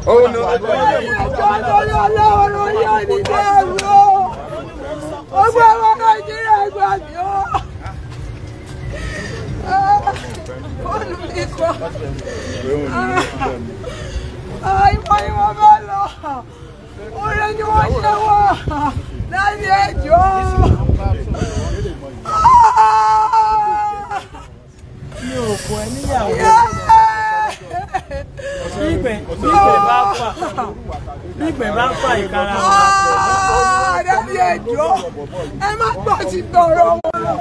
ìjọba lórí ọlọ́run yóò ní bẹ́ẹ̀rù o gbogbo àwọn nàìjíríà gbà mí o fóònù mi kọ ìmọ̀ ni wọ́n bá lọ oore ni wọ́n ṣe wà láti ẹjọ́ mi ò kọ ẹ níyàwó. Bígbẹ̀ bígbẹ̀ bá fà bígbẹ̀ bá fà ìkara. Ah, Dádì ẹ̀jọ́ ẹ má gbọ́ sí tọrọ wọn lọ.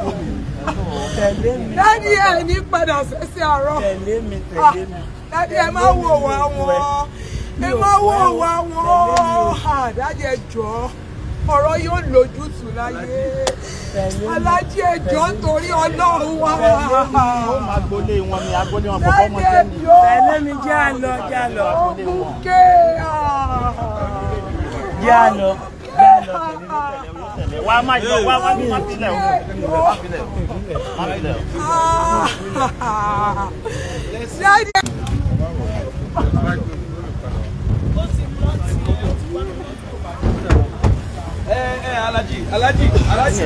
Dádì ẹ̀ ní padà sẹ́sẹ̀ àárọ̀. Ah, Dádì ẹ má wò wá wọn. Ẹ má wò wá wọn. Dádì ẹ̀jọ́ ọ̀rọ̀ yóò lójútùú láyé alájí ẹjọ́ torí ọlọ́run wa. ó máa gbolé wọn ni agbolé wọn kò fọmọ jẹ ni. tẹ̀lé mi jẹ́ àlọ́ jẹ́ àlọ́. ogun ké à. Ah. jẹ́ àlọ́ jẹ́ àlọ́ tẹ̀lé mi wá má yọ wá wá bí wọ́n filẹ̀ o wá filẹ̀ wá filẹ̀ o. Alaji, Alaji, Alaji.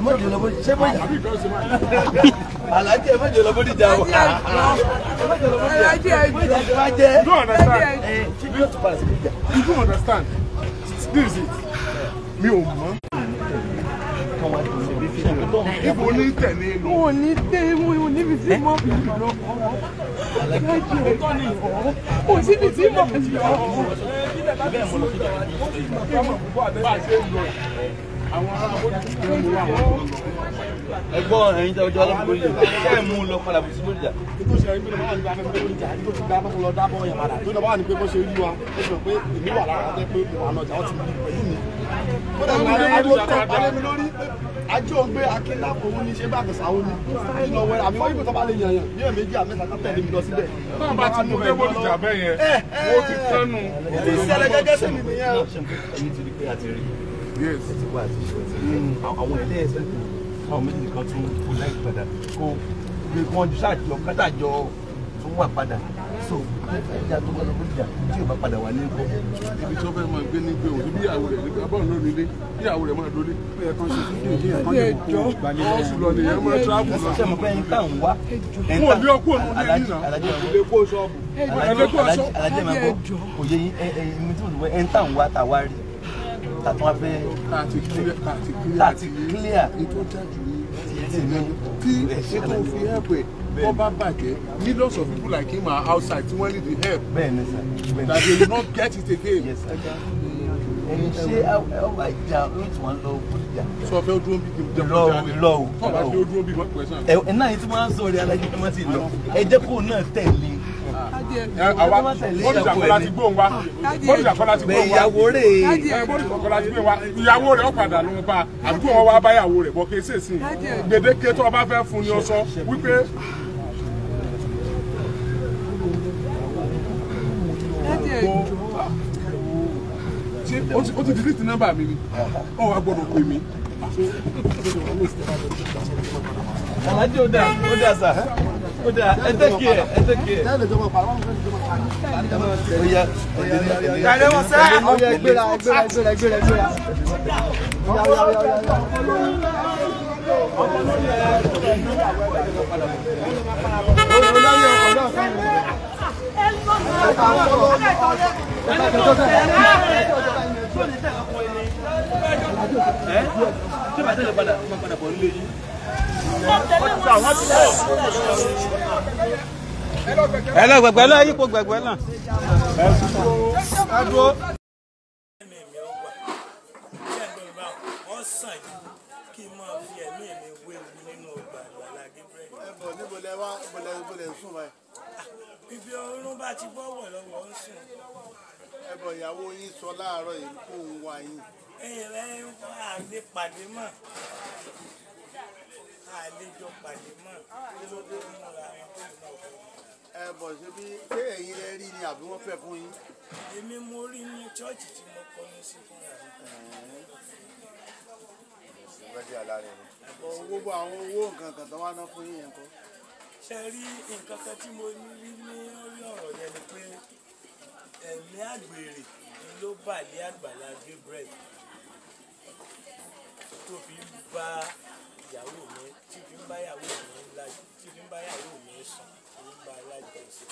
ẹ mọ̀ jòló bódì ṣé bóyá alájẹ ẹ mọ̀ jòló bódì jà wọ. alájẹ ẹ jù you understand. you don't understand. this is it. mi ò mọ̀. ibo ní tẹ̀lé lọ. wọn ò ní tẹ wọn ò níbi tí mo fi lọ alájẹ ẹ kò síbi tí mo ẹ̀gbọ́n ẹ̀yin tẹ ọjọ́ ọlọ́pàá lórí ìjà ṣé ẹ mú un lọ padà bù sí lórí ìjà. tó ṣe rí pé lọ́wọ́ àti gbàgbé lórí ìjà tó ti gbàgbé lọ dábọ̀ yẹn padà tó lọ́wọ́ àti pé bó ṣe rí wa ó sọ pé èmi wà lára àti pé wà lọ́jà ó ti rí pẹ̀lú mi. ó dẹ̀ máa ń lọ tẹ̀ balẹ̀ mi lórí ajé ògbé akínlápò òun ní ṣe bá àgbẹ̀sà òun ni nínú ọwọ́ àmì wọ́n yìí tó bá lè yàn yàn bí èmi àmẹ́ta ká tẹ̀lé mi lọ síbẹ̀. náà bá ti mú pé wọ́n jà bẹ́ẹ̀ yẹn eh, eh. wọ́n ti tẹ́nu. ìdí ìṣẹ̀lẹ̀ gẹ́gẹ́ sí mi nìyẹn ẹ ti wá àti ìṣòro hmm. àwọn ẹlẹ́ẹ̀sẹ̀ àwọn méjì kan tún kó láì padà kó gbé kán ṣáàjọ kátàjọ tún wà padà so ẹja tó bá lọ bó jà tí o bá padà wà ní ikọ. ibi tí wọ́n fẹ́ máa gbé ní gbé òun bí ìyàwó rẹ̀ nígbà bọ́ọ̀ ló nílé bí ìyàwó rẹ̀ máa dólé bí ẹ̀kan ṣe fún mi ìyẹn kan lè kó ọ̀sùn lọ nìyẹn máa tíráàbù náà. ṣé mo fẹ́ yín táwọn wá. wọn ò ní ọkọ òun ní ẹ̀yìn náà ilé kó ṣọ́ọ̀bù. alajẹ máa gbọ́ kò yẹ yín ẹ̀yìn mi tí mo ti wọ ẹ̀ ń táwọn wá tàwa rí tàtún abẹ́ tàti clear ètò dájú tèmi tí ètò òfin help ẹ̀ wọ́n bá bàjẹ́ millions of people like him are outside tí wọ́n need the help bẹ́ẹ̀ni sir bẹ́ẹ̀ni that they will not get it again. Yes, ẹni ṣé ọba ìjà lóòtù wọn lọ bóyá. sọ fẹ́ dúró bí kí n jẹ́ bóyá rẹ̀ lọ o. tọ́ba fi ó dúró bí wọ́n pẹ̀sán. ẹ̀ náà yìí tí wọ́n á sọ ọ̀rẹ́ alájú tó wọ́n ti lọ ẹ jẹ́ kó náà tẹ̀lé àwa bóríṣà kọ́lá ti ah, ìyàwó rẹ̀ bóríṣà kéésì sí gbèdéke tó o bá fẹ́ fún ni ó sọ wípé. ó ti delete nọ́mbà mi ni ó wá gbọ́dọ̀ pè mí. Alájọ́ ó dà ó dà sá ó dà ẹ tẹ́kì ẹ ẹ tẹ́kì ẹ. Kàdé wọn sẹ́. Ọyẹ gbéra gbéra gbéra gbéra gbéra. Ẹ tẹ̀lé padà ó máa padà bọ̀ nílé yìí. ẹ gbẹgbẹ náà yípo gbẹgbẹ náà. ẹ ìyàwó yín sọ láàárọ̀ yìí kó ń yín ẹ̀yìn rẹ̀ à lè pàdé mọ́ à lè jọ pàdé mọ́ kí ló dé mú ra wọn tó ń lọ. ẹ bọ̀ ṣe bí ṣé ẹ̀yin rẹ rí ni àbí wọ́n fẹ́ fún yín. èmi mo rí ní chọ́ọ̀chì tí mo kọ́ ní sí fúnra mi ni. gbogbo àwọn owó nǹkan kan tó wá ná fún yíyan kọ́. ṣe rí nǹkan kan tí mo rí ní orí ọ̀rọ̀ yẹn ni pé ẹ̀mí àgbèrè ló bà ní Àgbàlá tó fi ń bá ìyàwó mi tí fi ń bá ìyàwó mi lájú tí fi ń bá ìyàwó mi sùn tí fi ń bá lájú ẹsẹ̀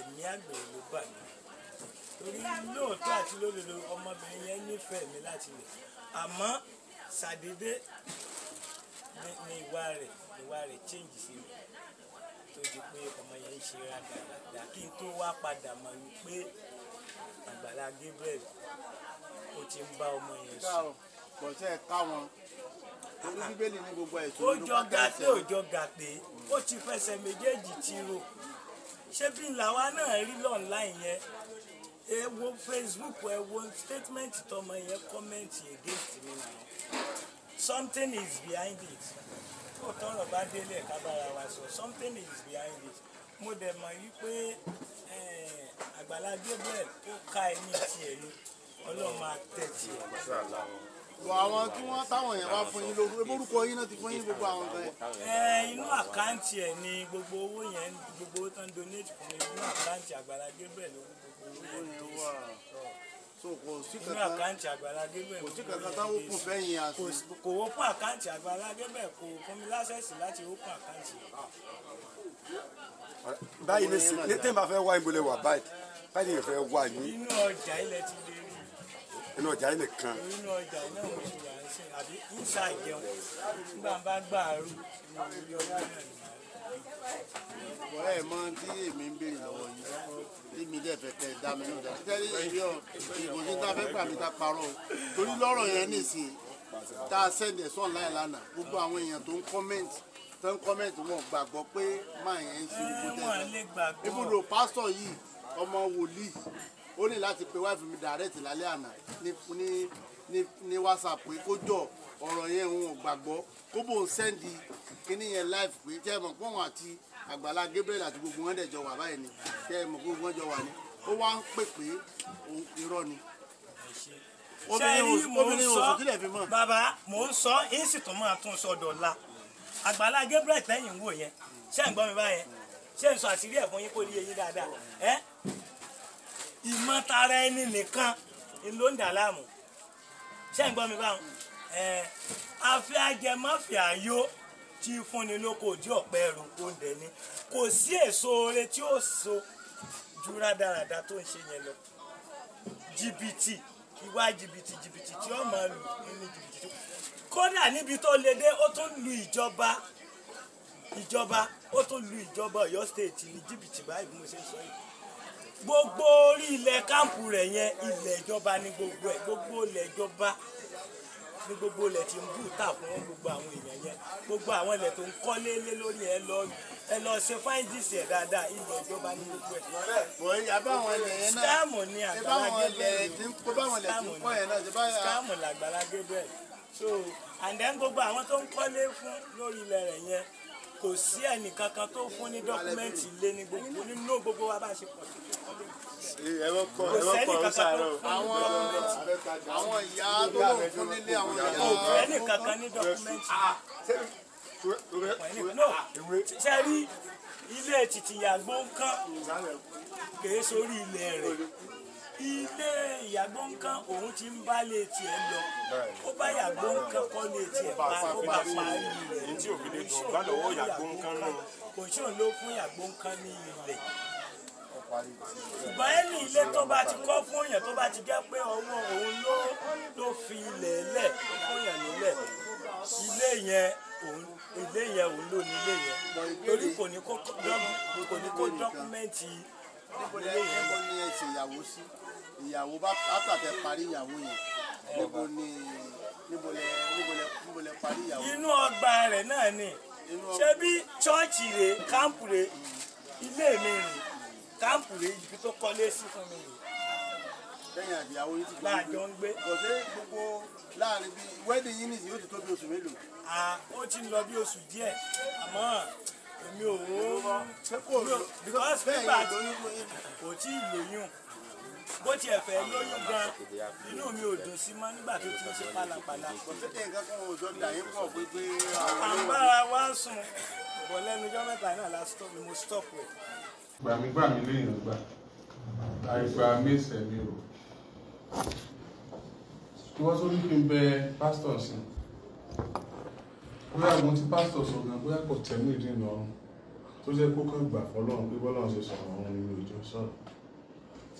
ẹ̀mí àgbẹ̀ ló bà mí torí lóòótọ́ àti lódodo ọmọbìnrin yẹn nífẹ̀ẹ́ mi láti lè àmọ́ ṣàdédé ni ìwà rẹ̀ ìwà rẹ̀ change sí mi tó di pé ọmọ yẹn ń ṣe rádaràdà kí n tó wá padà mọ̀ wípé Àgbàlá Gabriel ó ti ń bá ọmọ yẹn sùn kọ̀ọ̀sẹ́ ká wọn torí bíbélì ní gbogbo ẹ̀sùn ó jọ gàtẹ́ ó jọ ó ti fẹsẹ̀ méjèèjì ti rò ṣé bí làwa náà rí lọ́nlá ìyẹn ẹ wo Facebook ẹ wo statement tọmọ yẹn comment against me now something is behind it kó tọrọ bá délé ká bára wa sọ something is behind it mo dẹ̀ mọ̀ wípé Àgbàlá Gabriel ó ka ẹni tiẹ̀ ni ọlọ́run máa tẹ̀ tiẹ̀ bọ̀ àwọn tí wọ́n táwọn yẹn wá fún yín lórúkọ eborúkọ yín náà ti fún yín gbogbo àwọn kan yẹn. ẹ inú àkáǹtì ẹ ni gbogbo owó yẹn gbogbo owó tán donate fún mi inú àkáǹtì Àgbàlá Gabriel ló gbogbo owó yẹn wà so kò sí kankan inú àkáǹtì Àgbàlá Gabriel kò sí kankan táwọn kù fẹ́yìn àti. kò wọ́pọ̀ àkáǹtì Àgbàlá Gabriel kò fún mi lásẹ̀sì láti wọ́pọ̀ àkáǹtì báyìí ní sè ní tẹ́ǹbà fẹ́ wá ìbúlẹ̀ wà báyìí báyìí ní ìfẹ́ wà ní. inú ọjà ilẹ̀ ti d inú ọjà yìí nìkan. inú ọjà yìí náà mo ti wà ń sìn àbí ń ṣàjẹun nígbà bá gbàrú ní ọjọ́ náà ni wọ́n mọ tí èmi ń béèrè lọ́wọ́ yìí tí mi dẹ̀ fẹ́ kẹ́ ẹ dá mi lọ́dà títẹ́lẹ̀ èmi ọ̀ ìgbòsí tá a fẹ́ gbà mí tá a parọ́ torí lọ́rọ̀ yẹn nìsín tá a sẹ́ndẹ̀ sọ̀ láì lánàá gbogbo àwọn èèyàn tó ń kọ́mẹ́ǹtì tó ń kọ́mẹ́ǹtì wọn gbàgbọ́ pé máa yẹn ń ṣe ibùdó pásítọ̀ yìí ọmọ wòlíì ó ní láti pe wáìfì mi direct lálẹ́ àná ní ní ní whatsapp pé kó jọ ọ̀rọ̀ yẹn òun ò gbàgbọ́ kó bò ń sẹ́ndì kíní yẹn live pé tẹ́ ẹ mọ̀ pé àti àgbàlá Gabriel àti gbogbo wọn dẹ̀ wà báyìí ni tẹ́ ẹ mọ̀ pé gbogbo wọn jọ wà ní ó wá ń pè pé òun irọ́ ni obìnrin oṣù kílẹ̀ fi mọ̀. bàbá mò ń sọ èyí sì tún máa tún sọ dọ̀la àgbàlá Gabriel tẹ́yìn wò yẹn ṣé ń ìmọ̀tara ẹni nìkan ló ń dà láàmú ṣé ń gbọ́ mi báwọn afẹ́ ajẹmọ́fẹ́ ayó tí fúnni lóko òdì ọ̀pẹ ẹrù oúnjẹ ni kò sí èso oore tí ó so ju rádaràda tó ń ṣe yẹn lọ jìbìtì ìwà jìbìtì jìbìtì tí ó máa lù nínú jìbìtì tó kódà níbi tó le dé ó tún lu ìjọba ìjọba ó tún lu ìjọba Ọ̀yọ́ stéètì ní jìbìtì báyìí bí mo ṣe ń sọ yìí gbogbo orí ilẹ̀ kámpù rẹ̀ yẹn ilẹ̀ ìjọba ní gbogbo ẹ̀ gbogbo ilẹ̀ ìjọba ní gbogbo ilẹ̀ tí ń bù tà fún gbogbo àwọn èèyàn yẹn gbogbo àwọn ilẹ̀ tó ń kọ́lé lé lórí ẹ lọ ẹ lọ ṣe fáìndìsì ẹ̀ dáadáa ilẹ̀ ìjọba ní gbogbo ẹ̀. bòye àbáwọn ilẹ̀ yẹn náà sítámù ni àgbàlá gébẹ̀rẹ̀ sítámù ni àgbàlá so and then gbogbo àwọn tó ń kọ́lé fún lórí ilẹ̀ rẹ̀ yẹn kò sí ẹnìkankan tó fún ní dọ́kúmẹ́ǹtì lé ní gbogbo nínú gbogbo wa bá ṣe pọ̀ sí. ẹ̀wọ̀n kọ ẹ̀wọ̀n kọ ń sàárọ̀. àwọn àwọn ìyá tó lóun fún nílé àwọn ìyá. kò fún ẹnìkankan ní dọ́kúmẹ́ǹtì. Ah, ah, ṣe ilé tìtìyàgbó kan kèé sórí ilẹ̀ rẹ̀ ilé ìyàgbọ́ nǹkan òun ti ń bá lè tiẹ̀ lọ ó bá yàgbọ́ nǹkan kọ́ lè tiẹ̀ pa ó bá pa rẹ̀ kò sí òun ló fún kò sí ló fún yàgbọ́ nǹkan ní ilẹ̀ ṣùgbọ́n ẹni ilé tó bá ti kọ́ fún èèyàn tó bá ti jẹ́ pé ọwọ́ òun ló ló fi ilẹ̀ lẹ̀ fún èèyàn nílẹ̀ ilé yẹn òun ilé yẹn òun ló ní ilé yẹn torí kò ní kó dọ́kúmẹ́ǹtì ilé yẹn mọ́ ìyàwó bá àtàtẹ parí ìyàwó yẹn níbo ni níbo lẹ níbo lẹ níbo lẹ parí ìyàwó. inú ọgbà rẹ̀ náà ni ṣé bí ṣọ́ọ̀ṣì rẹ̀ káàmpù rẹ̀ ilé mi rẹ̀ káàmpù rẹ̀ ibi tó kọ́lé sí fún mi rẹ̀ lẹ́yìn àgbéyàwó yìí ti gbé láàjọ ń gbé. ọ̀sẹ̀ gbogbo láàrin bíi wedding yìí nìyí ó ti tó bí oṣù mélòó. à ó ti lọ bí oṣù díẹ̀ àmọ́ èmi ò wó. because pépà kò tí ì lóyún bó tiẹ̀ fẹ́ lóyún gan inú mi ò dùn sí mọ́ nígbà tó ti ń ṣe pálapàla. kò sí tẹ̀ nǹkan kan ò jọ dà yín pọ̀ pé pé. àǹbára wa sùn bọ̀ lẹ́nu ọjọ́ mẹ́ta náà la stop ni mo stop rẹ̀. gbàmígbàmí lèèyàn gbà àìgbà mẹ́sẹ̀ mi ò tí wọ́n tó ní kí n bẹ pásítọ̀ sí bóyá àwọn tí pásítọ̀ sọ gan bóyá kò tẹ̀mí ìdí ìnà ọ̀run tó jẹ́ kó kàn gbà fọlọ́run pé bọ́lá ń sọ̀rọ̀ ọ̀run nínú ìjọ sọ̀rọ̀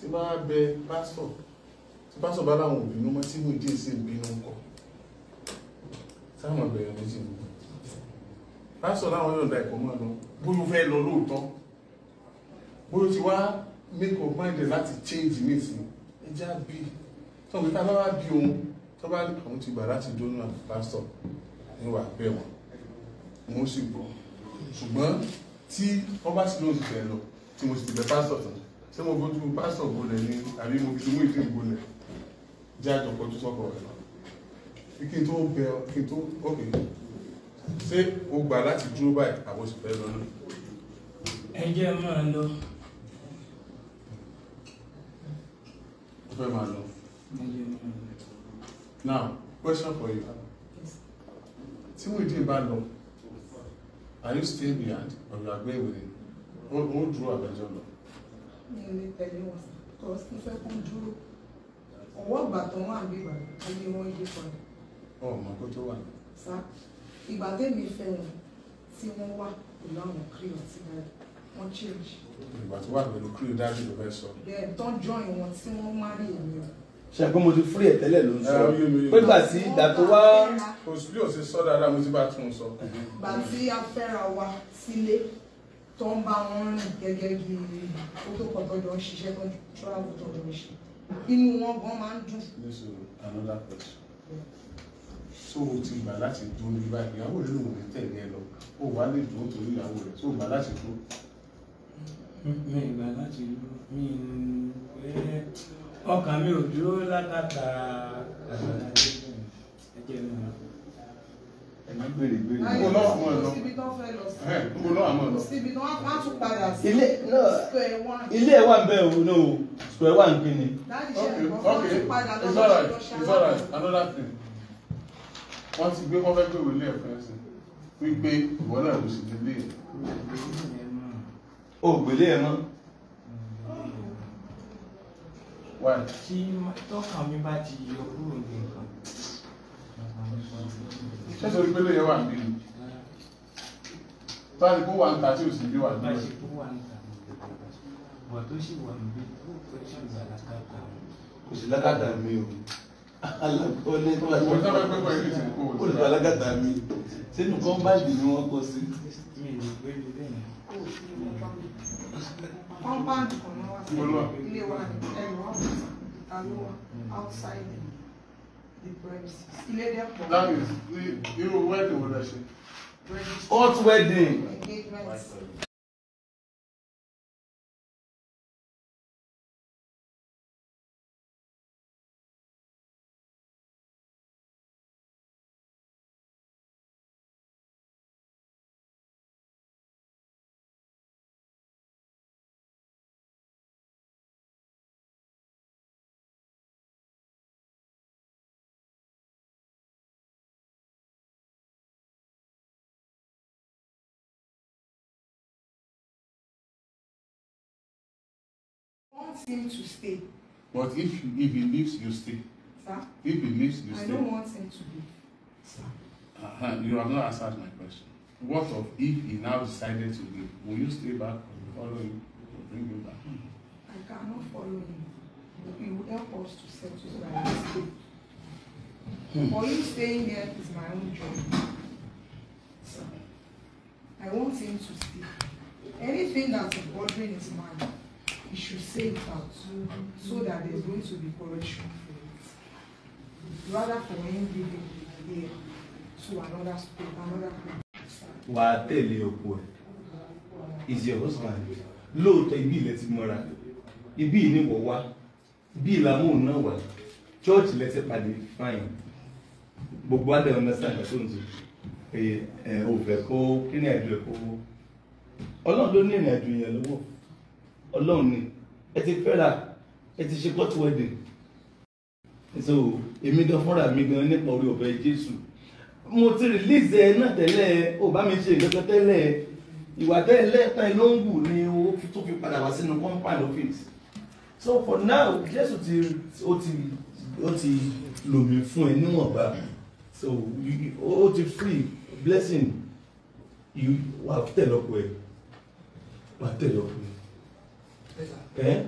tí bá bẹ pásítọ̀ tí pásítọ̀ bá láwọn òbínú mọ́ tí wòye díẹ̀ sí ìbínú ńkọ́ sáwọn ọ̀bẹ̀rẹ̀ méjì mú pásítọ̀ láwọn yóò da ẹ̀kọ́ mọ́ lọ bóyá fẹ́ lọ lóòótọ́ bóyá ti wá make up mind láti change ní ìsìn ẹjá bí tó ń gbé tábà wá bí òun tó bá ní àwọn ti gbà láti dóná àti pásítọ̀ níwà bẹ́ẹ̀ wọn mo sì gbọ́ ṣùgbọ́n tí wọ́n bá sì lóòótọ́ ẹ lọ tí mo sì ti bẹ pásítọ̀ tán ṣé mo fojú pásítọ̀ gbolẹ̀ ni àbí mo fi mú ìdí gbolẹ̀ jẹ́ àjọpọ̀ tó sọ́kọ̀ rẹ̀ kí n tó bẹ kí n tó ok ṣé o gbà láti dúró báyìí àwọn oṣù fẹ́ lọ náà. ẹ jẹ́ máa lọ. fẹ́ máa lọ. now question for you tí mo ìdí bá lọ are you still behind or you are going with him ó dúró àbẹ̀jọ lọ mi ò lè tẹ̀lé wọn kọ́ sí fẹ́ kún ọwọ́ ìgbà tó wà níbà ayé wọn yí padà. ọmọ kó tó wà. sá ìgbà tẹ́mi fẹ́ tí wọ́n wà pẹ̀lú àwọn kírò àti wọ́n change. ìgbà tó wà pẹ̀lú kírò dáadé ló fẹ́ sọ. bẹ́ẹ̀ tán join wọn tí wọ́n má rí èmi o ṣàgbọ́n mo ti fúrí ẹ̀ tẹ́lẹ̀ ló ń sọ pẹ́gbà sí ìgbà tó wá. òṣìlẹ̀ ò tó ń bá wọn rìn gẹ́gẹ́ bí ó tó pọ̀ ń ṣiṣẹ́ tọ́jú travel tọ́jọ́ ń ṣe inú wọn gan máa ń dùn. another question so o ti gbà láti dún ní báyìí ìyàwó rẹ lòun ní tẹ̀lé ẹ lọ o wà lè dún torí ìyàwó rẹ so o gbà láti dún. mi ìgbà láti dún mi ọkàn mi ò dúró látàtà àgbàlá ẹjẹ mi ẹ̀mí gbèrè gbèrè níbo náà àmọ́ ẹ̀ lọ níbo náà àmọ́ ẹ̀ lọ. ilé ilé ẹ̀ wà ń bẹ̀ o no o square one gbé ni. okay okay it's alright it's alright another thing wọ́n ti gbé wọ́n fẹ́ gbé ìwé ilé ẹ̀fọ́ ẹ̀sìn wípé ìwọ náà ló sì délé ẹ̀. o gbélé ẹ̀ mọ́. tí tọ́ka mi bá ti yọ kúrò ní nǹkan ṣẹ́sẹ̀ orí pẹ́lú yẹn wà ní ìlú tó àdìpọ̀ wà ń ta tí ò sì ní wà ní ìlú kò sí lágàtà mi o olùbàlágàtà mi sínú kọ́ńbàdì ni wọ́n kọ sí. kọ́ńbàdì kan ni wọ́n wá sí ilé wa ẹ̀rọ ọ̀hún ìta ló that is irú wedding wo lẹ ṣe. hot wedding. want him to stay. But if if he leaves, you stay. Sir? If he leaves, you I stay. I don't want him to leave. Sir? uh You have not answered my question. What of if he now decided to leave? Will you stay back or follow him or bring him back? I cannot follow him. He will help us to settle so I will stay. Hmm. For him staying here is my own job. Sir, I want him to stay. Anything that's bothering his mind it should say it out so that there's going to be correction for it rather for him leaving here to another state another place. wà á tẹ̀lé ọkọ ẹ̀ is your husband lóòótọ́ ibi ilẹ̀ ti mọ́ra ibi ìníwọ̀ wá ibi ìlàmú náà wá church lẹ́sẹ̀ pàdé fine gbogbo adé understand ẹ̀ tó ń tu ẹ̀ ẹ̀ òfẹ́ kó kí ni ẹ̀dùn ẹ̀ kó ọlọ́run ló ní ìrìn àjò yẹn lọ́wọ́ ọlọ́run ni ẹ ti fẹ́ra ẹ ti ṣe court wedding so èmi gan fúnra mi gan nípa orí ọ̀fẹ́ jésù mo ti release ẹ náà tẹ́lẹ̀ ò bá mi ṣe nǹkan tẹ́lẹ̀ ìwà tẹ́lẹ̀ tán ló ń wù ni ó tó fi padà wá sínú compound office so for now jésù ti ó ti ó ti lò mí fún ẹ níwọ̀nba so ó ti free blessing you wà tẹ̀lọ́pọ̀ ẹ wà tẹ̀lọ́pọ̀ ẹ ẹ.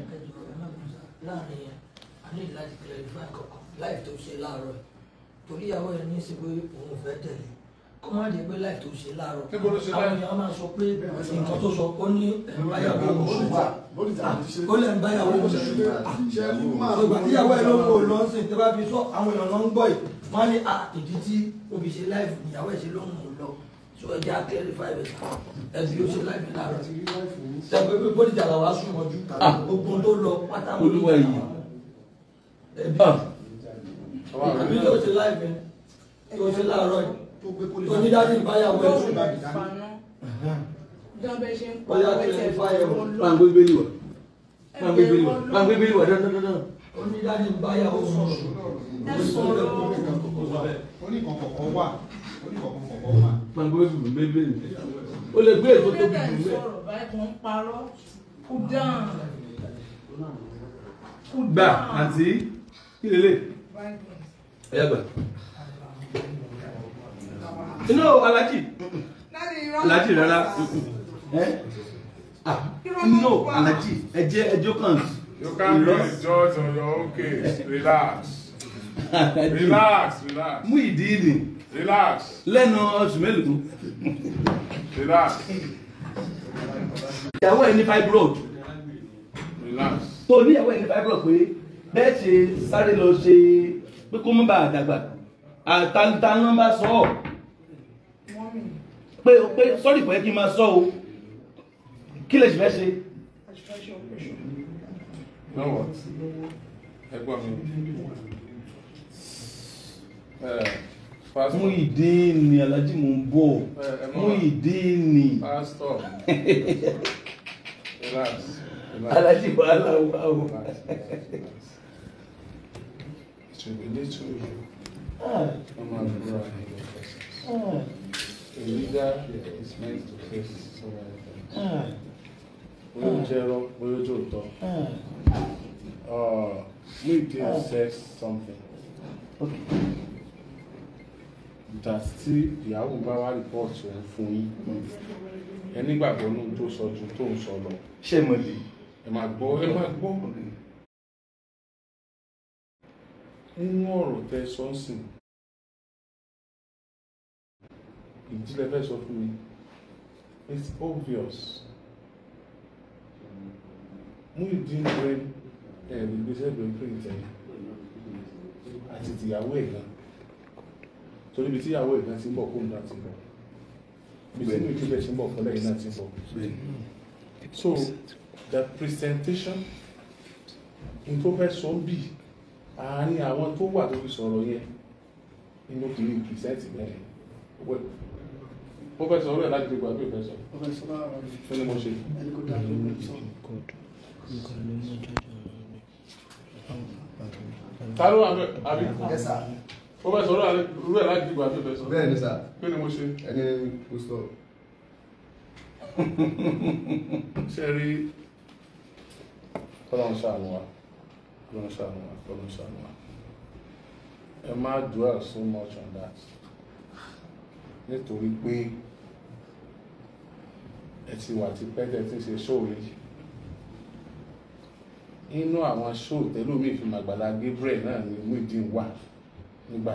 láàrin àní láti clarify kankan láì tó ṣe láàárọ̀ torí ṣe pé òun pé láì tó ṣe láàárọ̀ àwọn èèyàn máa sọ pé nǹkan tó sọ ó ní báyàwó oṣù wa ó lẹ̀ ń báyàwó oṣù wa ṣùgbọ́n ìyàwó ẹ ló ń wò lọ sí ìtẹ́wá fi sọ àwọn èèyàn lọ ń gbọ́ yìí wọ́n á ní ìdí tí obì ṣe láìfù ìyàwó ẹ̀ ṣe ló ń wò lọ so ẹ jẹ́ á clarify ẹ̀ ẹ ti yóò ṣe láìpẹ́ lára tẹ̀gbẹ́ pé bóni jàlá wa sùn mọ́jú ah. gbogbo tó lọ pátá wọn ló wà yìí ẹbí ah. àbí yóò ṣe láìpẹ́ yóò ṣe láàárọ̀ yìí onídàájú ìbáyàwó ẹ̀ sùn ó yá clarify ẹ̀ wọ́n. máa ń gbé gbé yìí wọ̀ máa ń gbé gbé yìí wọ̀ máa ń gbé gbé yìí wọ̀ dáadáa onídàájú ìbáyàwó sùn ó ní kankan kan wà pàǹgóòsù bébè ni ó lè gbé ètò tó bìbì mẹ. gbà àti kí lè lè ẹ gbà. inú alájì alájì rárá no alájì ẹ jẹ ẹjọ kan. You can't be a on your own case. Relax. relax, relax. Muidini. Relax. Lẹ́nu oṣù mélòó. Relax. Ìyàwó ẹ̀ ní fibroid. Relax. Tó ní ìyàwó ẹ̀ ní fibroid pé bẹ́ẹ̀ ṣe sáré lọ ṣe pé kó mọ́ bá àdàgbà. Àtàntà ló ń bá sọ ọ́. Pé pé sọ́ọ̀rì pé kí n máa sọ o. Kí lè ṣe fẹ́ ṣe? Now what? Ẹgbọ́n mi. Eh, Muyideen ni alájí mò ń bọ̀ Muyideen ni alájí wàhálà wà o. It will be little you. Ah. Ah. A leader is meant to face someone. Ah. Bóyá ó jẹ́ ẹ̀rọ, ah. bóyá ó jẹ́ òótọ́. Muyideen ah. ah, says something. Okay that tí ìyàwó bá wá rìpọ́ọ̀tì rẹ̀ fún yín ẹ nígbàgbọ́ ní tó sọ ju tó ń sọ lọ. ṣé mo lè. ẹ máa gbọ́ ẹ máa gbọ́. nínú ọ̀rọ̀ tẹ sọ́ọ̀sìn ìdílé fẹ́ sọ fún mi it's obvious mú ìdí ìwé ẹ̀rí gbèsè ìgbèǹkì ìtẹ̀ àti tìyàwó ẹ̀ gan torí ibi tíyàwó ìgbà ti ń bọ̀ kóun náà ti bọ̀ ibi tí ìlú ìjúbẹ̀ ti ń bọ̀ fọlẹ́ yìí náà ti bọ̀ so the presentation in tó fẹ́ sọ bì àárín àwọn tó wà tó fi sọ̀rọ̀ yẹn inú kìí present mẹ́rin ó fẹ́ sọ orí ẹ̀ láti gbogbo àbí ó fẹ́ sọ ni mo ṣe. ta ló wà bẹ́ẹ̀ àbí ó fẹ́ sọ̀rọ̀ irú ẹ̀ láti dìgbà tó fẹ́ sọ. bẹ́ẹ̀ ni sà. kí ni mo ṣe. ẹni kò sọ. ṣe rí kọ́lọ́n ṣàánú wa kọ́lọ́n ṣàánú wa kọ́lọ́n ṣàánú wa ẹ má dwell so much on that nítorí pé ẹ ti wà tipẹ́ tẹ̀ tí ṣe ṣóò inú àwọn ṣóò tẹ́lómi ìfimàgbàlá Gabriel náà ni Muyideen wà nígbà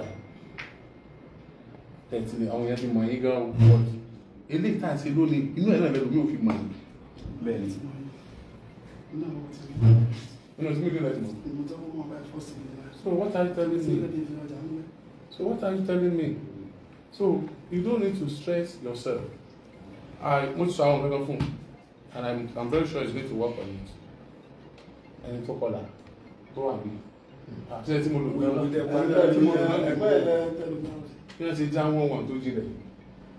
yìí ni àwọn èèyàn ti mọ̀ yín gan wọ́n eléyìí tá à ṣe lónìí inú ẹ̀rọ ìlú yóò fi mọ̀ yín bẹ́ẹ̀ ni. inú ọtí mi dùn láti mọ̀. so what are you telling me so what are you telling me so you don't need to stress yourself i mo ti sọ àwọn ọ̀rẹ́ kan fún and i'm i'm very sure it's going to work on it ẹni tó kọlà tó wà bíi ṣe tí mo lò pé kí wọ́n ṣe já wọ́n wọ̀n tó jinlẹ̀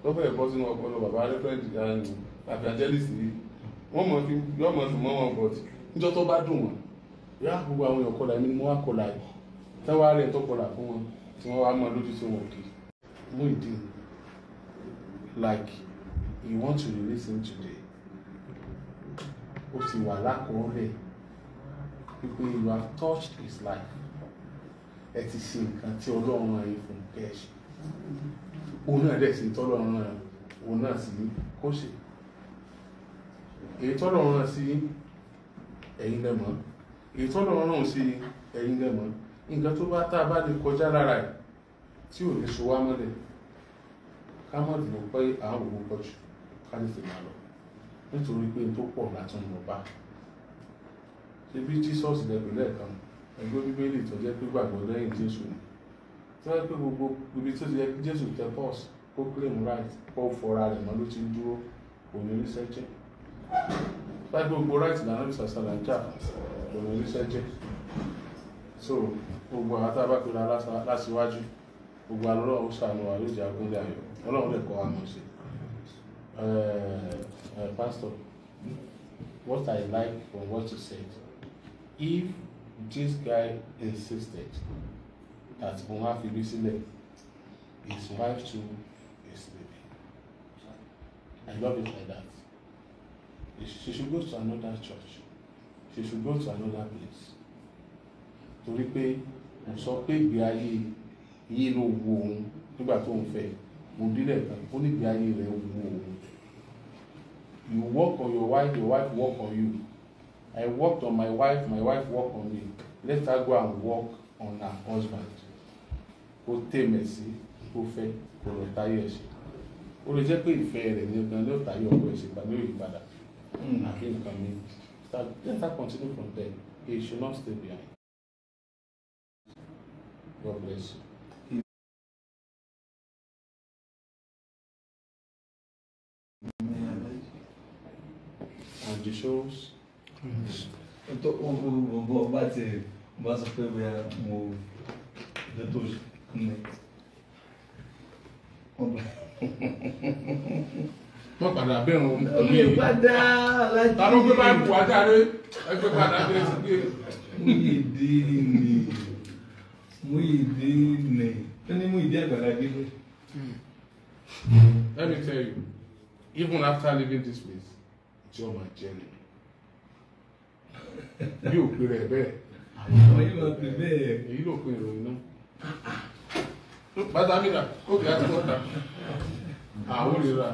lọ́fẹ̀ẹ́ bọ́ sínú ọpọlọ bàbá rẹ́fẹ̀ẹ́dì àbí àjẹ́lìsì wọ́n mọ̀ fi wọ́n mọ̀ sùn mọ́ wọn bọ̀ níjọ́ tó bá dùn wọ́n yá gbogbo àwọn èèyàn kọlà mi ni mo yìí táwọn arẹ tó kọlà fún wọn tí wọ́n wá mọ lójú sí wọn kì í mú ìdí like you want to release him today ó sì wà lákòólẹ̀ pípé you have touched his life ẹ ti ṣe nǹkan tí ọlọ́run ayé fún kẹ́ ẹ ṣe òun náà dẹ̀ sí tọ́lọ́run náà òun náà sì ní kó ṣe èyí tọ́lọ́run náà sí ẹ̀yin lẹ́mọ̀ èyí tọ́lọ́run náà sí ẹ̀yin lẹ́mọ̀ nǹkan tó bá tá a bá lè kọjá lára ẹ̀ tí ò lè so wá mọ́lẹ̀ ká mọ̀ dùn pé à ń wò ó jù ká lè fi máa lọ nítorí pé tó pọ̀ látún lọ bá ṣe bí Jesus lẹ́gbẹ̀ẹ́ lẹ́ẹ̀kan mọ́ ẹgbẹ́ bíbélì tó jẹ́ pé gbàgbọ́ lẹ́yìn jésù ni tí wọ́n pé gbogbo ibi tó ti yẹ kí jésù tẹ pọ́ọ̀sì kó claim right kó fọra rẹ̀ mọ́ ló ti ń dúró òní oníṣẹ́jẹ́ láti gbogbo right lànà bí sàṣàlà jà òní oníṣẹ́jẹ́ so gbogbo àwọn tá a bá pe ra láṣíwájú gbogbo alọ́rọ̀ ó ṣàánú wa yóò jẹ́ ayọ̀ ọlọ́run lè kọ́ àmọ̀ ṣe eh, eh, pastor what I like from what you said if this guy insisted that òun á his wife too is baby I love it like that she should go to another church she should go to another place torí pé mo sọ pé ìgbé ayé yìí ló wo òun nígbà tó ń fẹ́ mo dílé kan ó ní ìgbé ayé rẹ̀ wo òun you work on your wife your wife work on you. I worked on my wife, my wife worked on me. Let her go and work on her husband. Ó tèmẹ̀ sí, ó fẹ́, kò lọ táyé ẹ̀ ṣe. Ó lè jẹ́ pé ìfẹ́ rẹ̀ ní ọgbọ́n ló táyé ọkọ ẹ̀ ṣe gbà lórí ìpadà. nǹkan hmm, mi. Let her continue from there. He should not stay behind. God bless you. And the shows tó o bó bó bá ti bá sọ pé bóyá mo lè tó ní. Let me tell you, even after leaving this place, it's my journey bí òpin rẹ̀ bẹ́ẹ̀. àwọn yìí máa pè bẹ́ẹ̀. èyí ló pin ìròyìn náà. bàtà mi rà ó kì í àti wọ́tà àwọn olè rà.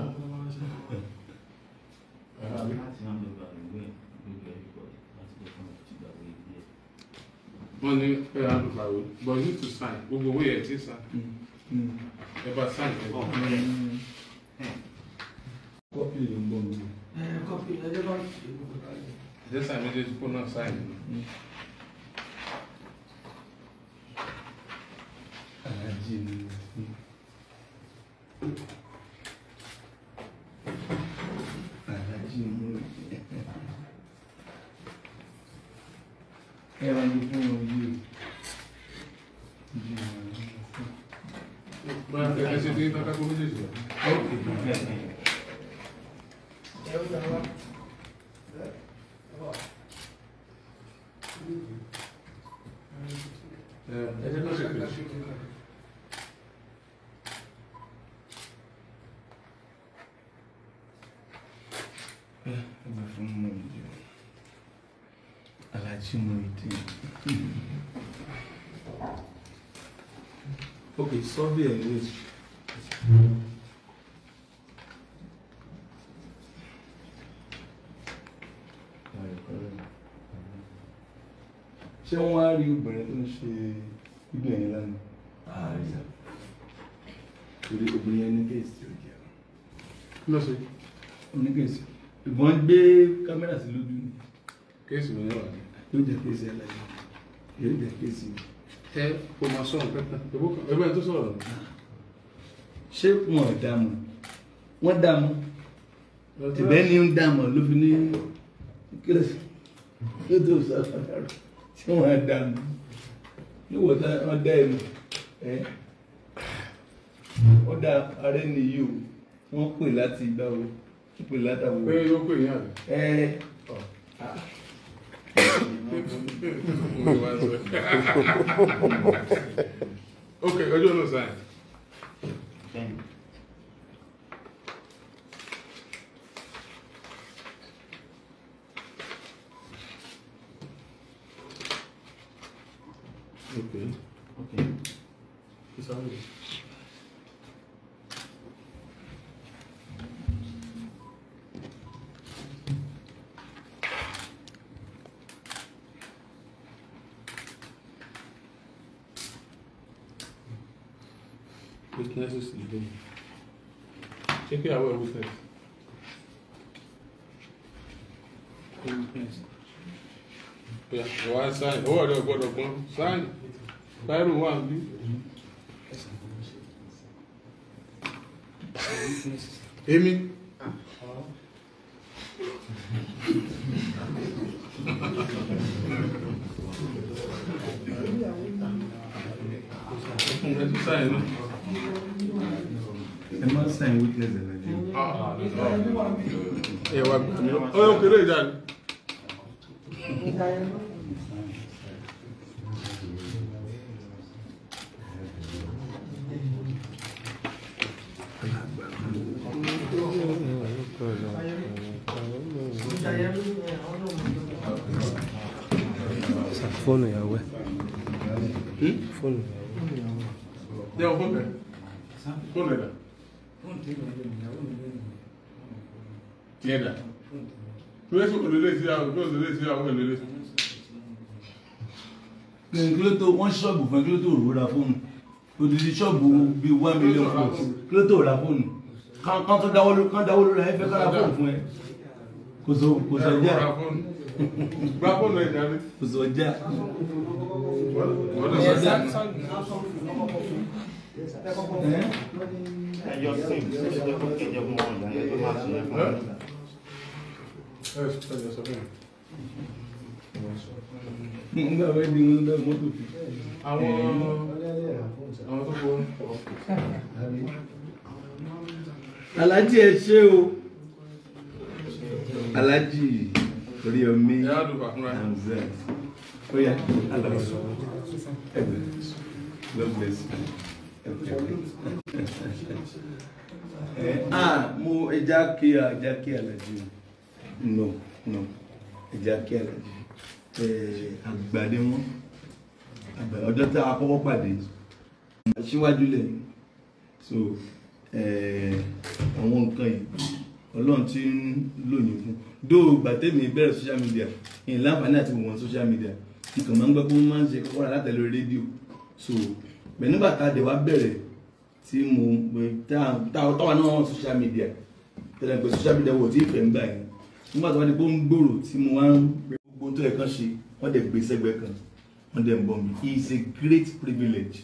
wọ́n ní ẹ á lò bàwọ̀ but you need to sign gbogbo owó yẹn ti sign ẹ bá sign ẹ bá. kọ́pì ló ń bọ̀ nínú. kọ́pì ẹ̀jẹ̀ bá ń ṣe é jésù àmì jésù kó náà sáyìn. Thank you. ẹgbẹ́ fún mọ́ ìdí alájí mọ́ ìdí ok sọ́bí ẹ̀ ní èsì ṣé wọ́n á rí obìnrin tó ń ṣe ibi ẹ̀yìn lánàá àárín torí obìnrin ẹni kéèsì ò jẹ́ lọ́sẹ̀ oníkèsì ìgbọ́n gbé kámẹ́rà sí lójú ni. kéèsì ló ń wà ní. yóò jẹ kéèsì aláìsí yóò jẹ kéèsì. ẹ kò máa sọ nǹkan kan ẹgbẹ́ tó sọ̀rọ̀. ṣé wọn ò dààmú wọn dààmú ẹ̀bẹ̀ ni ń dààmú ló fi ní kílẹ̀sì yóò tó sọ àfàdàrọ̀ tí wọn á dààmú níwọ̀ tá wọn dá ẹnu ẹ ọ̀dà arẹ́niyí o wọ́n pè láti ìgbà wo ìpè látàwọn. pé ló pè yàn. ẹ eh, ok ọjọ́ ló sàn. Okay. Okay. It's all good. kí àwọn ẹrú fẹ́. Ìwà sáyìn, owó ọ̀rẹ́ ọ̀gbọ́dọ̀ gbọ́n, sáyìn, báírù wà ń bí. Èmi. Fún mi, sáyìn náà máa ń sign witness ẹ̀ nàìjíríà. Ah, ah, ẹ wá gbàgbé ọyọ kéré fóònù ìyàwó ẹ fóònù hmm? ìyàwó ẹ tiɲɛ la tulo su olele si awo tulo olele si awo olele. kìlọ̀ tó wọ́n ṣọ́ọ̀bù fún kìlọ̀ tó rò ra fóònù odidi ṣọ́ọ̀bù bíi one million francs kìlọ̀ tó ra fóònù kan tó dáwọ́ kan dáwọ́ lórí ayé fẹ́ kára fóònù fún ẹ kò sọ kò sọ díà gba fóònù ẹ̀ dání. kò sọ díà. wọ́n lè sọ díà ẹjọ́ sìn ṣe pé kéde ọmọ ọ̀dà ni pé máa ṣe yẹn fún mi. mo ń gbà wẹ́ẹ́ di wọn lọ́wọ́ mọ́tò o alájí orí omi anzẹ ó yà alájí ẹgbẹ God bless you ah mo ẹja kí ẹja kí Àlàjì no no ẹja kí Àlàjì àgbàdé wọn ọjọ́ tá a kọ́kọ́ pàdé síwájú lẹ̀ so àwọn nǹkan yìí ọlọ́run ti ń lò yín fún dó gbàtẹ́mi bẹ̀rẹ̀ social media ìyìn láǹfààní àti wọ̀n social media nǹkan máa ń gbọ́ pé wọ́n máa ń ṣe kọ́kọ́rọ́ látẹ̀lé rédíò so bẹ́ẹ̀ nígbà tá a dẹ̀ wá bẹ̀rẹ̀ tí mo táwa náà wọ́n social media tẹ́lẹ̀ pé social media wò tí ìfẹ́ ń gbà yẹn nígbà tó wá di pé ó ń gbòòrò tí mo wá ń gbogbo tó yẹ kán ṣe wọ́n dẹ̀ gbé sẹ́gbẹ́ kan wọ́n dẹ̀ ń bọ̀ mí it's a great privilege.